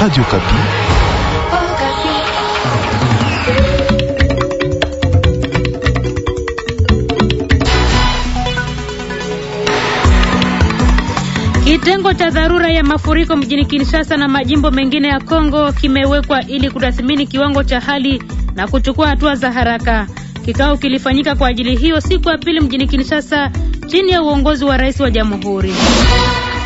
Radio Kapi. Kitengo cha dharura ya mafuriko mjini Kinshasa na majimbo mengine ya Kongo kimewekwa ili kutathmini kiwango cha hali na kuchukua hatua za haraka. Kikao kilifanyika kwa ajili hiyo siku ya pili mjini Kinshasa chini ya uongozi wa rais wa jamhuri.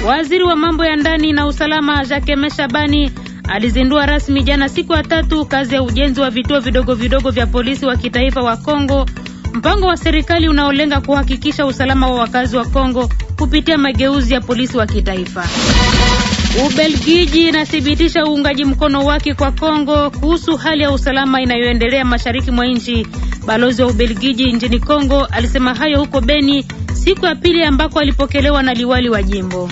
Waziri wa mambo ya ndani na usalama Jacques Meshabani alizindua rasmi jana siku ya tatu kazi ya ujenzi wa vituo vidogo vidogo vya polisi wa kitaifa wa Kongo, mpango wa serikali unaolenga kuhakikisha usalama wa wakazi wa Kongo kupitia mageuzi ya polisi wa kitaifa. Ubelgiji inathibitisha uungaji mkono wake kwa Kongo kuhusu hali ya usalama inayoendelea mashariki mwa nchi. Balozi wa Ubelgiji nchini Kongo alisema hayo huko Beni siku ya pili ambako alipokelewa na liwali wa jimbo.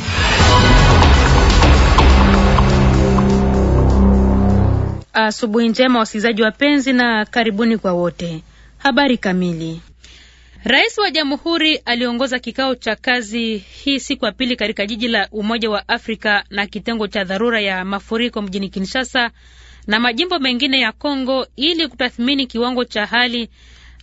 Asubuhi njema wasikilizaji wapenzi, na karibuni kwa wote. Habari kamili. Rais wa Jamhuri aliongoza kikao cha kazi hii siku ya pili katika jiji la Umoja wa Afrika na kitengo cha dharura ya mafuriko mjini Kinshasa na majimbo mengine ya Kongo ili kutathmini kiwango cha hali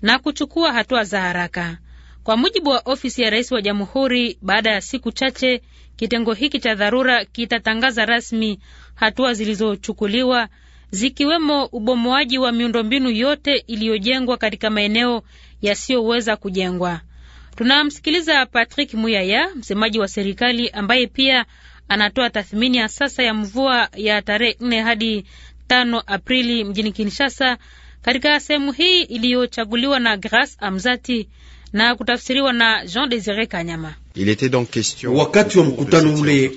na kuchukua hatua za haraka. Kwa mujibu wa ofisi ya rais wa Jamhuri, baada ya siku chache kitengo hiki cha dharura kitatangaza rasmi hatua zilizochukuliwa zikiwemo ubomoaji wa miundombinu yote iliyojengwa katika maeneo yasiyoweza kujengwa. Tunamsikiliza Patrick Muyaya, msemaji wa serikali ambaye pia anatoa tathmini ya sasa ya mvua ya tarehe nne hadi tano Aprili mjini Kinshasa, katika sehemu hii iliyochaguliwa na Grace Amzati na kutafsiriwa na Jean Desire Kanyama. Wakati wa mkutano ule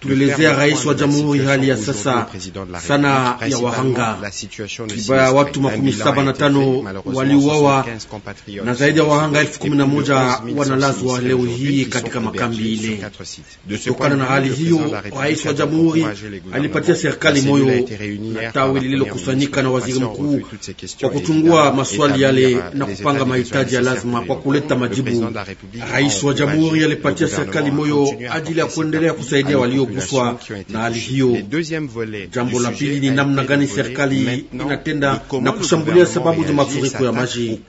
tulielezea rais wa jamhuri hali ya sasa sana ya wahanga kibaya, watu makumi saba na tano waliuawa na zaidi ya wahanga elfu kumi na moja wanalazwa leo hii katika makambi ile. Kutokana na hali hiyo, rais wa jamhuri alipatia serikali moyo na tawi lililokusanyika na waziri mkuu kwa kuchungua maswali yale na kupanga mahitaji ya lazima kwa kuleta majibu. Rais wa jamhuri kuipatia serikali moyo ajili ya kuendelea kusaidia walioguswa na hali hiyo. Jambo la pili ni namna gani serikali inatenda na kushambulia sababu za mafuriko ya maji.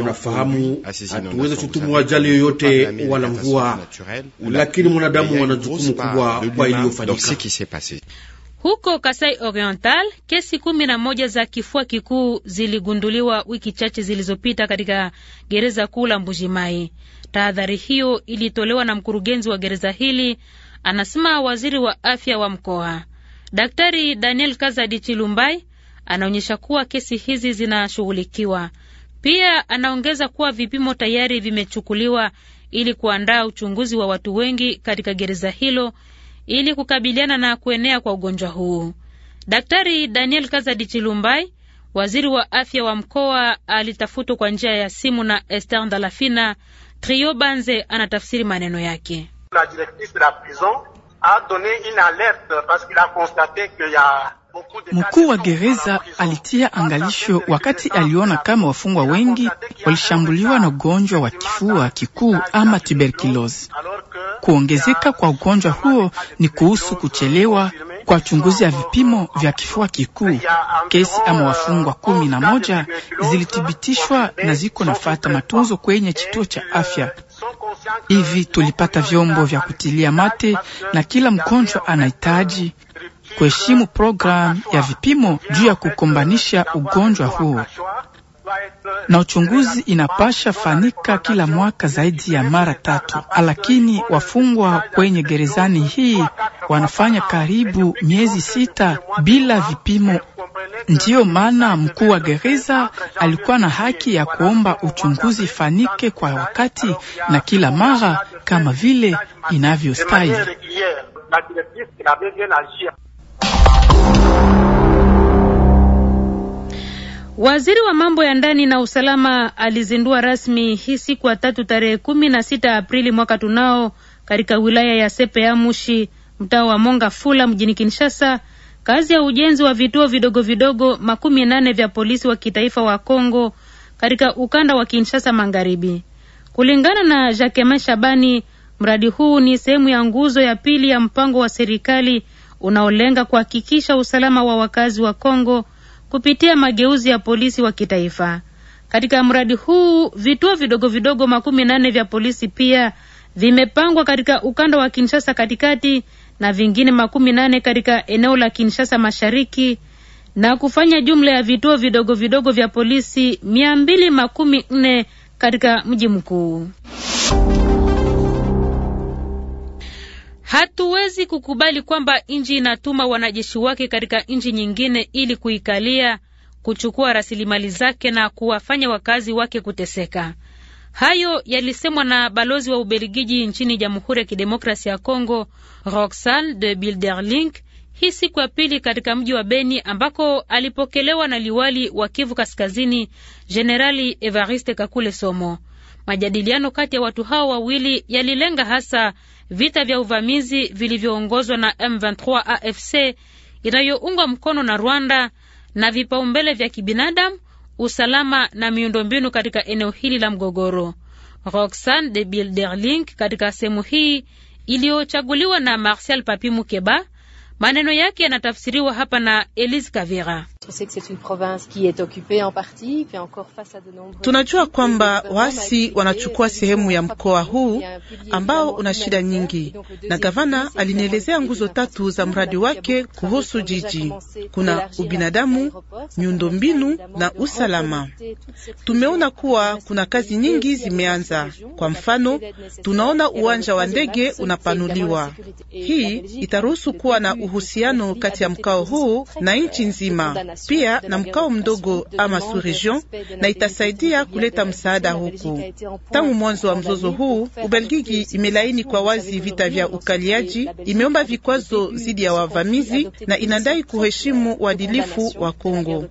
Unafahamu, hatuweze shutumu ajali yoyote wala mvua, lakini mwanadamu wana jukumu kubwa kwa iliyofanyika huko Kasai Oriental kesi kumi na moja za kifua kikuu ziligunduliwa wiki chache zilizopita katika gereza kuu la Mbujimai. Tahadhari hiyo ilitolewa na mkurugenzi wa gereza hili, anasema waziri wa afya wa mkoa. Daktari Daniel Kazadi Chilumbai anaonyesha kuwa kesi hizi zinashughulikiwa. Pia anaongeza kuwa vipimo tayari vimechukuliwa ili kuandaa uchunguzi wa watu wengi katika gereza hilo ili kukabiliana na kuenea kwa ugonjwa huu. Daktari Daniel Kazadi Chilumbai, waziri wa afya wa mkoa, alitafutwa kwa njia ya simu na Esther Ndalafina, Banze anatafsiri maneno yake. La directrice de la prison a donné une alerte parce qu'il a constaté que ya Mkuu wa gereza alitia angalisho wakati aliona kama wafungwa wengi walishambuliwa na ugonjwa wa kifua kikuu ama tuberculosis. Kuongezeka kwa ugonjwa huo ni kuhusu kuchelewa kwa uchunguzi ya vipimo vya kifua kikuu. Kesi ama wafungwa kumi na moja zilithibitishwa na ziko nafata matunzo kwenye kituo cha afya. Hivi tulipata vyombo vya kutilia mate na kila mgonjwa anahitaji kuheshimu programu ya vipimo juu ya kukombanisha ugonjwa huo na uchunguzi inapasha fanika kila mwaka zaidi ya mara tatu, lakini wafungwa kwenye gerezani hii wanafanya karibu miezi sita bila vipimo. Ndiyo maana mkuu wa gereza alikuwa na haki ya kuomba uchunguzi fanike kwa wakati na kila mara kama vile inavyostahili. Waziri wa mambo ya ndani na usalama alizindua rasmi hii siku ya tatu tarehe kumi na sita Aprili mwaka tunao katika wilaya ya Sepe Mushi, mtaa wa Monga Fula mjini Kinshasa, kazi ya ujenzi wa vituo vidogo vidogo makumi nane vya polisi wa kitaifa wa Kongo katika ukanda wa Kinshasa Magharibi. Kulingana na Jacquemain Shabani, mradi huu ni sehemu ya nguzo ya pili ya mpango wa serikali unaolenga kuhakikisha usalama wa wakazi wa Kongo kupitia mageuzi ya polisi wa kitaifa. Katika mradi huu vituo vidogo vidogo makumi nane vya polisi pia vimepangwa katika ukanda wa Kinshasa katikati na vingine makumi nane katika eneo la Kinshasa mashariki na kufanya jumla ya vituo vidogo vidogo vya polisi mia mbili makumi nne katika mji mkuu. Hatuwezi kukubali kwamba nchi inatuma wanajeshi wake katika nchi nyingine ili kuikalia, kuchukua rasilimali zake na kuwafanya wakazi wake kuteseka. Hayo yalisemwa na balozi wa Ubelgiji nchini Jamhuri ya Kidemokrasia ya Kongo, Roxane de Bilderling, hii siku ya pili katika mji wa Beni ambako alipokelewa na liwali wa Kivu Kaskazini, Jenerali Evariste Kakule Somo. Majadiliano kati ya watu hao wawili yalilenga hasa vita vya uvamizi vilivyoongozwa na M23 AFC inayoungwa mkono na Rwanda na vipaumbele vya kibinadamu, usalama na miundombinu katika eneo hili la mgogoro. Roxane de Bilderling katika sehemu hii iliyochaguliwa na Marcel Papi Mukeba. Maneno yake yanatafsiriwa hapa na Elise Kavira. Tunajua kwamba waasi wanachukua sehemu ya mkoa huu ambao una shida nyingi, na gavana alinielezea nguzo tatu za mradi wake kuhusu jiji: kuna ubinadamu, miundombinu na usalama. Tumeona kuwa kuna kazi nyingi zimeanza. Kwa mfano, tunaona uwanja wa ndege unapanuliwa. Hii itaruhusu kuwa na uhusiano kati ya mkoa huu na nchi nzima pia na mkao mdogo ama region, na itasaidia kuleta msaada huku. Tangu mwanzo wa mzozo huu, Ubelgiji imelaini kwa wazi vita vya ukaliaji, imeomba vikwazo dhidi ya wavamizi na inadai kuheshimu uadilifu wa Kongo.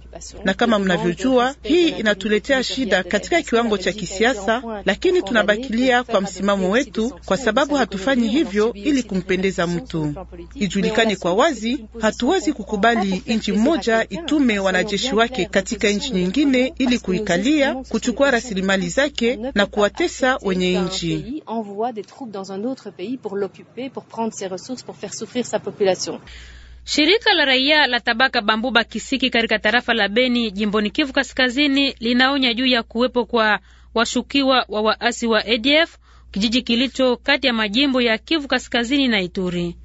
Na kama mnavyojua, hii inatuletea shida katika kiwango cha kisiasa, lakini tunabakilia kwa msimamo wetu, kwa sababu hatufanyi hivyo ili kumpendeza mtu. Ijulikane kwa wazi, hatuwezi kukubali nchi mmoja itu itume wanajeshi wake katika nchi nyingine ili kuikalia, kuchukua rasilimali zake na kuwatesa wenye nchi. Shirika la raia la tabaka Bambuba Kisiki katika tarafa la Beni jimboni Kivu Kaskazini linaonya juu ya kuwepo kwa washukiwa wa waasi wa ADF kijiji kilicho kati ya majimbo ya Kivu Kaskazini na Ituri.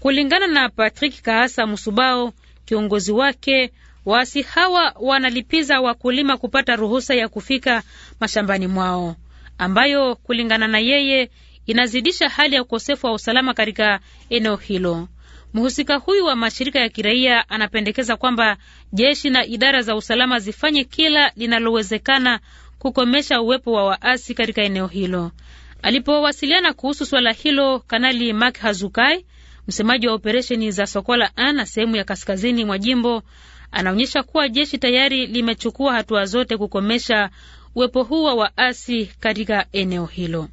Kulingana na Patrick Kaasa Musubao, kiongozi wake, Waasi hawa wanalipiza wakulima kupata ruhusa ya kufika mashambani mwao, ambayo kulingana na yeye inazidisha hali ya ukosefu wa usalama katika eneo hilo. Mhusika huyu wa mashirika ya kiraia anapendekeza kwamba jeshi na idara za usalama zifanye kila linalowezekana kukomesha uwepo wa waasi katika eneo hilo. Alipowasiliana kuhusu swala hilo, Kanali Mak Hazukai, msemaji wa operesheni za Sokola A na sehemu ya kaskazini mwa jimbo, anaonyesha kuwa jeshi tayari limechukua hatua zote kukomesha uwepo huu wa waasi katika eneo hilo.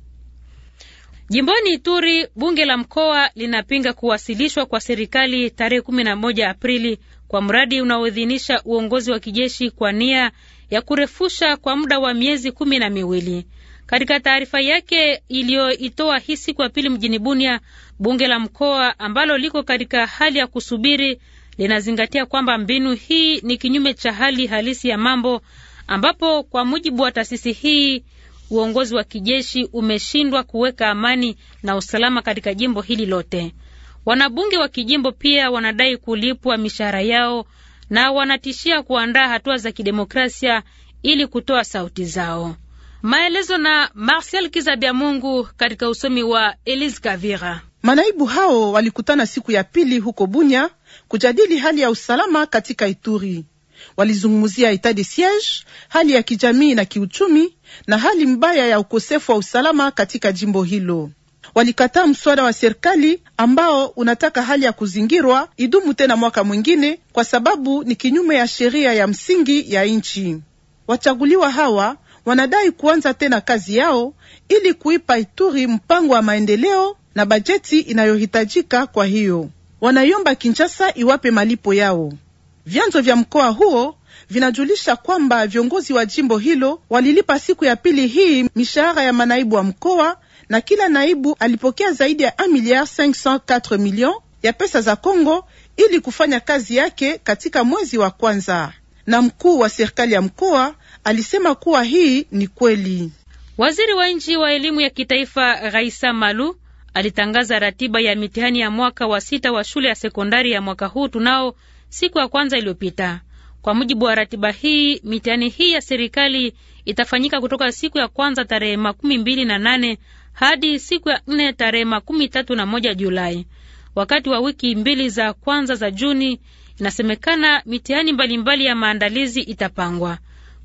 Jimboni Ituri, bunge la mkoa linapinga kuwasilishwa kwa serikali tarehe 11 Aprili kwa mradi unaoidhinisha uongozi wa kijeshi kwa nia ya kurefusha kwa muda wa miezi kumi na miwili. Katika taarifa yake iliyoitoa hii siku ya pili mjini Bunia, bunge la mkoa ambalo liko katika hali ya kusubiri linazingatia kwamba mbinu hii ni kinyume cha hali halisi ya mambo, ambapo kwa mujibu wa taasisi hii uongozi wa kijeshi umeshindwa kuweka amani na usalama katika jimbo hili lote. Wanabunge wa kijimbo pia wanadai kulipwa mishahara yao na wanatishia kuandaa hatua za kidemokrasia ili kutoa sauti zao. Maelezo na Marcel Mungu katika usomi wa Elise Kavira. Manaibu hao walikutana siku ya pili huko Bunya kujadili hali ya usalama katika Ituri. Walizungumzia etat de siege, hali ya kijamii na kiuchumi na hali mbaya ya ukosefu wa usalama katika jimbo hilo. Walikataa mswada wa serikali ambao unataka hali ya kuzingirwa idumu tena mwaka mwingine kwa sababu ni kinyume ya sheria ya msingi ya nchi. Wachaguliwa hawa wanadai kuanza tena kazi yao ili kuipa Ituri mpango wa maendeleo na bajeti inayohitajika. Kwa hiyo wanaiomba Kinshasa iwape malipo yao. Vyanzo vya mkoa huo vinajulisha kwamba viongozi wa jimbo hilo walilipa siku ya pili hii mishahara ya manaibu wa mkoa na kila naibu alipokea zaidi ya 1 miliard 504 million ya pesa za Kongo ili kufanya kazi yake katika mwezi wa kwanza, na mkuu wa serikali ya mkoa alisema kuwa hii ni kweli. Waziri wa nchi wa elimu ya kitaifa Raisa Malu alitangaza ratiba ya mitihani ya mwaka wa sita wa shule ya sekondari ya mwaka huu tunao siku ya kwanza iliyopita. Kwa mujibu wa ratiba hii, mitihani hii ya serikali itafanyika kutoka siku ya kwanza tarehe makumi mbili na nane hadi siku ya nne tarehe makumi tatu na moja Julai. Wakati wa wiki mbili za kwanza za Juni inasemekana mitihani mbalimbali ya maandalizi itapangwa.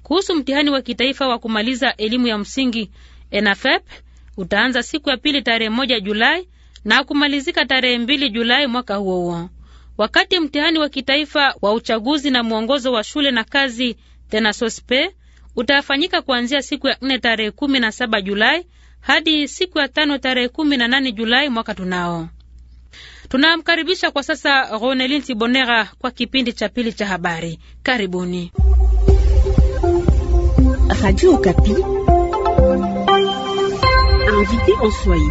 Kuhusu mtihani wa kitaifa wa kumaliza elimu ya msingi ENAFEP, utaanza siku ya pili tarehe moja Julai na kumalizika tarehe mbili Julai mwaka huo huo. Wakati mtihani wa kitaifa wa uchaguzi na mwongozo wa shule na kazi tena sospe utafanyika kuanzia siku ya nne tarehe kumi na saba Julai hadi siku ya tano tarehe kumi na nane Julai mwaka tunao. Tunamkaribisha kwa sasa Ronelin Tibonera kwa kipindi cha pili cha habari. Karibuni Radio invité en soyez.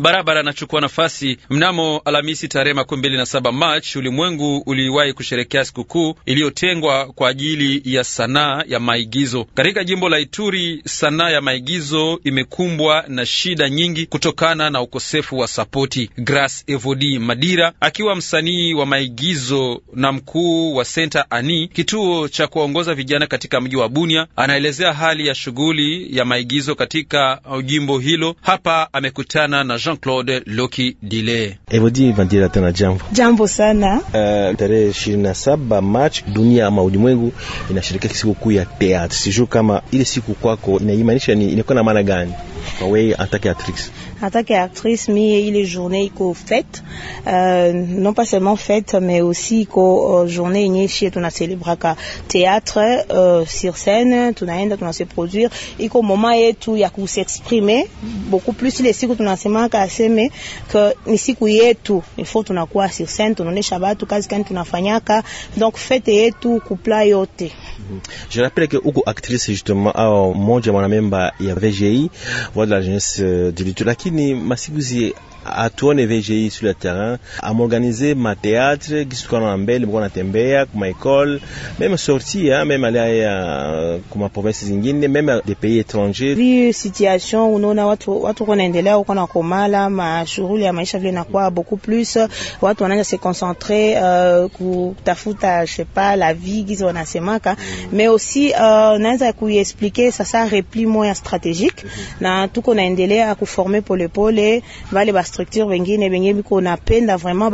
barabara anachukua nafasi. Mnamo Alhamisi tarehe makumi mbili na saba Machi, ulimwengu uliwahi kusherekea sikukuu iliyotengwa kwa ajili ya sanaa ya maigizo. Katika jimbo la Ituri, sanaa ya maigizo imekumbwa na shida nyingi kutokana na ukosefu wa sapoti. Grace Evodi Madira akiwa msanii wa maigizo na mkuu wa Senta Ani, kituo cha kuwaongoza vijana katika mji wa Bunia, anaelezea hali ya shughuli ya maigizo katika jimbo hilo. Hapa amekutana na Jean Jean-Claude Loki Dile. Evodi Vandira, tena jambo. Jambo sana. Uh, tarehe saba March dunia ama ulimwengu inashirikia siku kuu ya teatri. Sijui kama ile siku kwako inaimanisha ni inakuwa na maana gani? Oui, en et actrice. En et actrice, mais il est journée qu'on fête, euh, non pas seulement fête, mais aussi qu'on euh, journée initiée. chez on a célébré théâtre, euh, sur scène, tout a on a se produire, et qu'au moment où tout y s'exprimer, beaucoup plus les cycles on a se manque assez, mais que ici tu y est tout, il faut on a quoi sur scène, on est Shabbat, tout cas quand on a fanyaka, donc fête et tout couple yote. Je rappelle que Ouko actrice justement a oh, Mondia Manamemba il y avait GI voilà, l'agence de l'Itude. Lakini masiku zie hatuone VGI sur le terrain, a mathéâtre, kitu tuko naambele nilikuwa natembea kuma école, même sortie, même aller ya kuma province zingine, même des pays étrangers. Hii situation unaona watu watu wanaendelea huko na komala, mashughuli ya maisha vile inakuwa beaucoup plus, watu wanaanza se concentrer uh, kutafuta je sais pas la vie gizo wanasemaka, mais aussi uh, naweza kuiexpliquer sasa repli moya stratégique na tuko naendelea kuformer pole pole vale basi structure vengine venye biko napenda vraiment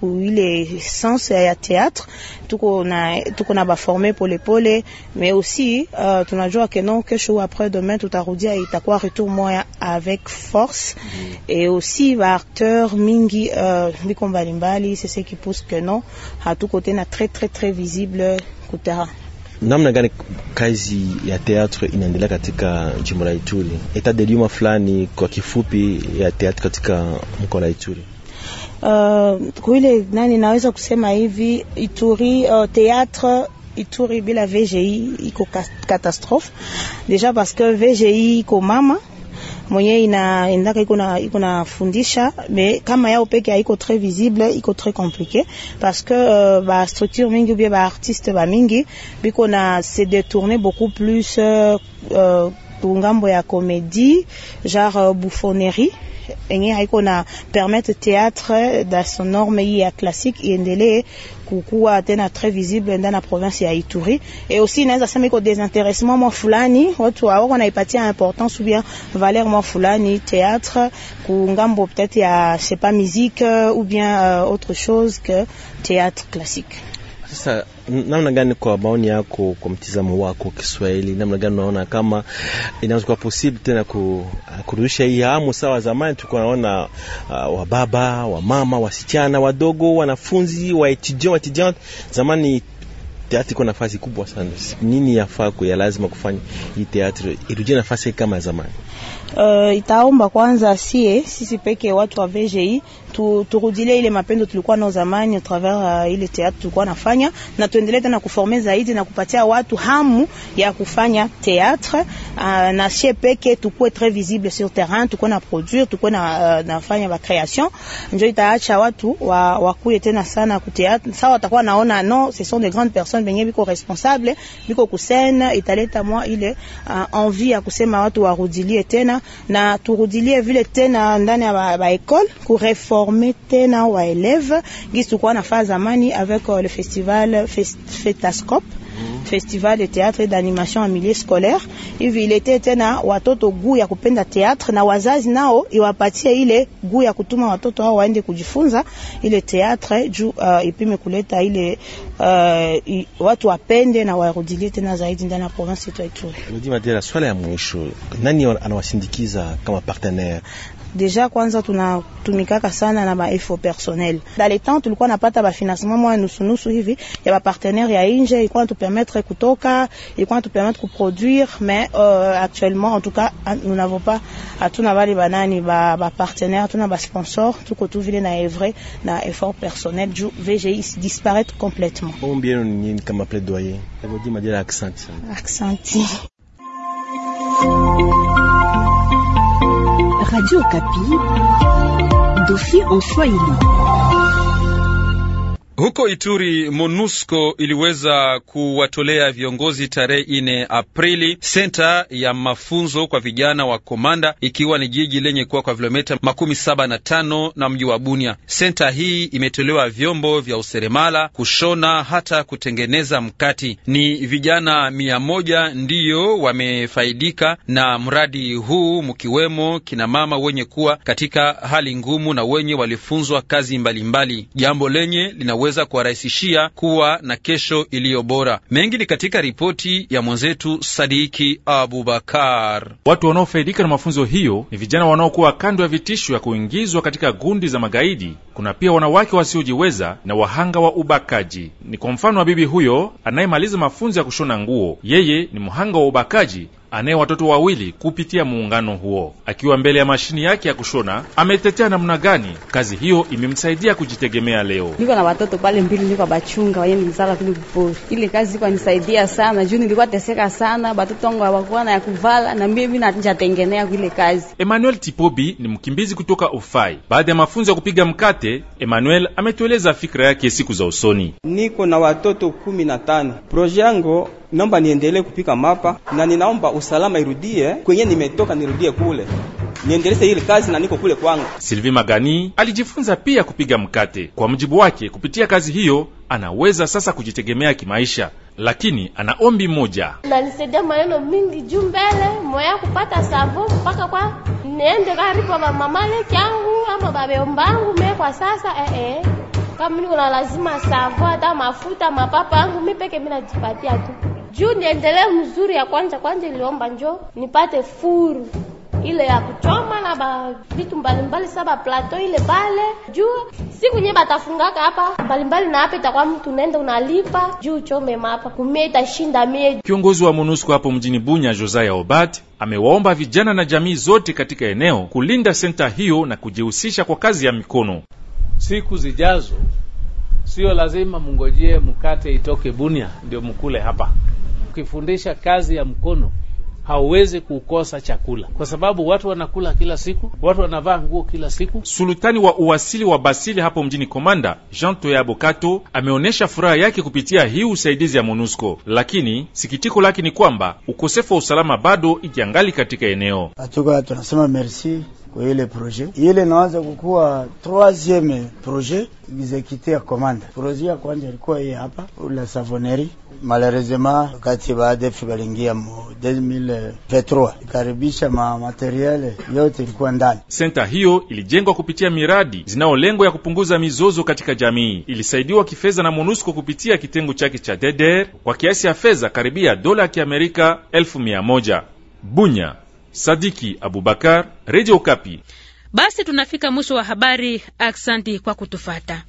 ku ile sens ya théâtre tuko na tuko na pour pôles mais aussi uh, tunajua que non kesho après demain tutarudia itakuwa retour moya avec force mm. et aussi l'acteur mingi uh, biko mbalimbali c'est ce qui pousse que non côté, na très très très visible namna gani kazi ya teatro inaendelea katika jimbo la Ituri? Etat de lieu fulani kwa kifupi ya teatro katika mkoa la Ituri. Uh, ile nani naweza kusema hivi Ituri uh, teatro Ituri bila VGI iko catastrophe deja parce que VGI iko mama mwenyewe ina a, iko na iko nafundisha me kama yao peke haiko très visible, iko très compliqué parce que euh, ba structure mingi ou bien ba artiste ba mingi biko na se détourner beaucoup plus euh, euh tungambo ya comédie, genre qui euh, enye haiko na permettre théâtre dans son norme classique ya classique iendelee a tena très visible dans la province ya Ituri, et aussi inaweza sema iko désintéressement mwa fulani watu hawako naipatia importance ou bien valeur mwa fulani théâtre kungambo peut-être ya je sais pas musique euh, ou bien euh, autre chose que théâtre classique. namna gani kwa maoni yako, kwa mtizamo wako Kiswahili, namna gani unaona kama inaweza kuwa possible tena ku, uh, kurudisha hii hamu sawa? Zamani tulikuwa naona uh, wababa, wamama, wasichana wadogo, wanafunzi, wa waetudiant waetudiant, zamani teatri iko nafasi kubwa sana. Nini yafaa kuya lazima kufanya hii teatri irudie nafasi kama zamani? Uh, itaomba kwanza sie sisi peke watu wa VGI tu, turudilie ile mapendo tulikuwa nao zamani atravers uh, ile teatro tulikuwa nafanya, na tuendelee tena kuforme zaidi na kupatia watu hamu ya kufanya teatre uh, na sie peke tukue tres visible sur terrain, tukue na produire, tukue na uh, nafanya ba creation, njo itaacha watu wa, wakuye tena sana ku teatre. Sawa watakuwa naona no ce sont de grandes personnes benye biko responsable biko kusena, italeta mwa ile uh, envie ya kusema watu warudilie tena na turudilie vile tena ndani ya ba, ba ekole ku reform former tena wa eleve gisi kwa nafaa zamani avec euh, le festival Fetascope mhm. festival de théâtre d'animation en milieu scolaire hivi ilete tena watoto guu ya kupenda teatre na wazazi nao iwapatie ile guu ya kutuma watoto hao waende kujifunza ile teatre juu uh, ipime kuleta ile uh, i, watu wapende na warudilie tena zaidi ndani ya province yetu ya Ituri. Swala ya mwisho, nani anawasindikiza kama partenaire Deja kwanza tunatumikaka sana na maefo personnel. Dale temps tulikuwa napata bafinancement moya nusu nusu hivi ya bapartenere ya inje, ilikuwa natupermettre kutoka, ilikuwa natupermettre kuproduire mais euh, actuellement en tout cas ah, nous n'avons pas, hatuna ah, bale banani bapartenere ba hatuna basponsor, tuko tu vile na evre na effort personnel ju VGI disparaître complètement. Bien, Ombien nini kama plaidoyer. Accent. Radio Capille dossier en Swahili. Huko Ituri, MONUSCO iliweza kuwatolea viongozi tarehe ine Aprili senta ya mafunzo kwa vijana wa Komanda, ikiwa ni jiji lenye kuwa kwa vilometa makumi saba na tano na mji wa Bunia. Senta hii imetolewa vyombo vya useremala, kushona, hata kutengeneza mkati. Ni vijana mia moja ndiyo wamefaidika na mradi huu, mkiwemo kinamama wenye kuwa katika hali ngumu na wenye walifunzwa kazi mbalimbali mbali. Jambo lenye linaweza kuweza kuwarahisishia kuwa na kesho iliyo bora. Mengi ni katika ripoti ya mwenzetu Sadiki Abubakar. Watu wanaofaidika na mafunzo hiyo ni vijana wanaokuwa kando ya vitisho ya kuingizwa katika gundi za magaidi. Kuna pia wanawake wasiojiweza na wahanga wa ubakaji. Ni kwa mfano wa bibi huyo anayemaliza mafunzo ya kushona nguo, yeye ni mhanga wa ubakaji anaye watoto wawili kupitia muungano huo. Akiwa mbele ya mashini yake ya kushona, ametetea namna gani kazi hiyo imemsaidia kujitegemea. Leo niko na watoto pale mbili, niko bachunga wenye mzala kule kupori. Ile kazi iko nisaidia sana juu nilikuwa teseka sana, batoto wangu hawakuwa na ya kuvala na mimi najatengenea ile kazi. Emmanuel Tipobi ni mkimbizi kutoka Ufai. Baada ya mafunzo ya kupiga mkate, Emmanuel ametueleza fikra yake siku za usoni. Niko na watoto kumi na tano. Proje yango naomba niendelee kupika mapa na ninaomba usalama irudie kwenye nimetoka, nirudie kule niendeleze ile kazi na niko kule kwangu. Sylvie Magani alijifunza pia kupiga mkate. Kwa mjibu wake, kupitia kazi hiyo anaweza sasa kujitegemea kimaisha, lakini ana ombi moja: nanisaidia maneno mingi juu mbele moya kupata savu mpaka kwa niende karibu mamamaleki yangu ama babeombangu me kwa sasa eh, eh. Kama niko na lazima savu hata mafuta mapapa yangu mi peke mi najipatia tu juu niendelee mzuri ya kwanza kwanza, iliomba njo nipate furu ile ya kuchoma na ba vitu mbalimbali saba plateau ile pale juu siku nye batafungaka hapa mbalimbali na hapa itakuwa mtu unaenda unalipa juu chome mapa kumie itashinda mie. Kiongozi wa MONUSCO hapo mjini Bunya, Josiah Obat amewaomba vijana na jamii zote katika eneo kulinda senta hiyo na kujihusisha kwa kazi ya mikono. Siku zijazo sio lazima mungojie mkate itoke Bunya ndio mkule hapa ukifundisha kazi ya mkono hauwezi kukosa chakula kwa sababu watu wanakula kila siku, watu wanavaa nguo kila siku. Sultani wa uwasili wa Basili hapo mjini Komanda, Jean Toya Bokato ameonyesha furaha yake kupitia hii usaidizi ya MONUSCO, lakini sikitiko lake ni kwamba ukosefu wa usalama bado ikiangali katika eneo Atuka. Tunasema merci kwa ile projet ile inaanza kukuwa troisieme projet exekite ya komanda. Projet ya kwanza ilikuwa hii hapa la savoneri, malheureusement kati baadef balingia mu 2023 ikaribisha ma materiele yote ilikuwa ndani. Senta hiyo ilijengwa kupitia miradi zinao lengo ya kupunguza mizozo katika jamii. Ilisaidiwa kifedha na MONUSCO kupitia kitengo chake cha DEDER kwa kiasi ya fedha karibia dola ya Kiamerika elfu mia moja. Bunya Sadiki Abubakar, Radio Kapi. Basi tunafika mwisho wa habari. Aksanti kwa kutufata.